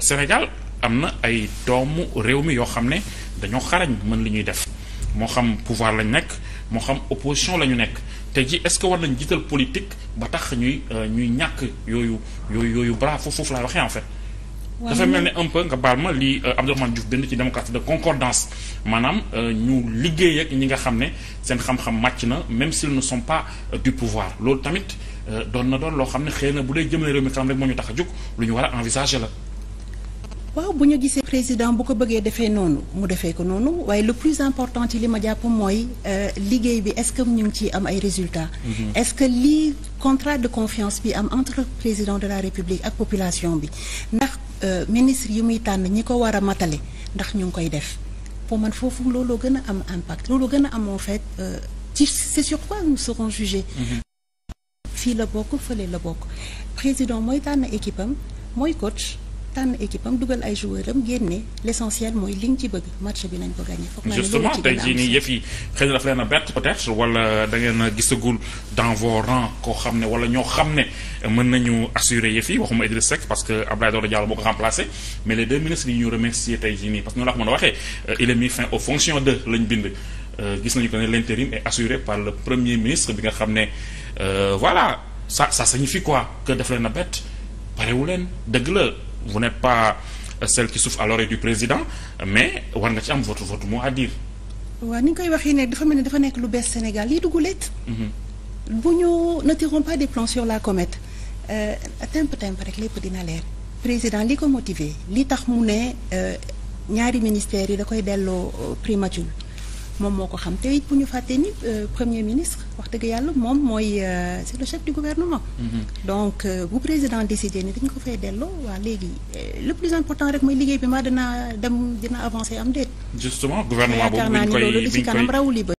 Sénégal am na ay doomu réew mi yoo xam ne dañoo xarañ mën li ñuy def moo xam pouvoir lañ nekk moo xam opposition la ñu nekk te ji est-ce que war nañ jiital politique ba tax ñuy euh, ñuy ñàkk yooyu yooyu yooyu bras foofu foofu laay waxee en fait. dafa mel ne un peu nga baal ma lii euh, Abdourahmane Diouf bind ci démocratie de concordance maanaam euh, ñu liggéey ak ñi nga xam ne seen xam-xam màcc na même s'ils ne sont pas du pouvoir loolu tamit doon na doon loo xam ne xëy na bu dee jëmale réew mi kanam ñu tax a jóg lu ñu war a envisager la. waaw bu ñu gisee président bu ko bëggee defee noonu mu defee ko noonu waaye le plus important ci li ma jàpp mooy euh, liggéey bi est-ce que ñu ngi ciy am ay résultat mm-hmm. est-ce que lii contrat de confiance bi am entre président de la République ak population bi ndax euh, ministre yi muy tànn ñi ko war a matale ndax ñu ngi koy def pour man foofu looloo gën a am impact looloo gën a am en fait euh, ci c'est sur quoi nous serons jugés. Mm-hmm. fii la bokk fële la bokk président mooy tànn équipe mooy coach. tànn équipe am dugal ay joueurs am génne l' essentiel mooy li ci bëgg match bi nañ ko gagné. foog naa ne justement tey jii nii yëf yi a bett a moo ko remplacé mais les deux ministres yi ñu remercier tey jii nii parce que noonu la ko mën a waxee euh, il est fin aux fonctions de lañ bind. Euh, gis nañu que ne l' intérim assuré par le premier ministre bi nga xam ne euh, voilà ça ça signifie quoi que daf leen a bett parewu leen dëgg la. vous n'êtes pas euh, celle qui souffle à l'oreille du président mais war nga ci am votre votre mot à dire. ni ñu koy waxee ne dafa mel ne dafa nekk lu bees Sénégal lii dugg leet. Mhm. bu ñu ne tirons pas des plans sur la comète euh, temp temp rek lépp dina leer président li ko motiver li tax mu ne euh, ñaari ministères yi da koy delloo primature. moom moo ko xam te it bu ñu fàttee ni euh, premier ministre wax dëgg yàlla moom mooy euh, c'est le chef du gouvernement. Mm-hmm. donc euh, bu président décidé ni dañ ko fay dello waa léegi le plus important rek mooy liggéey bi ma dinaa dem dina avancer am déet. justement gouvernement boobu bi ñu koy bi ñu koy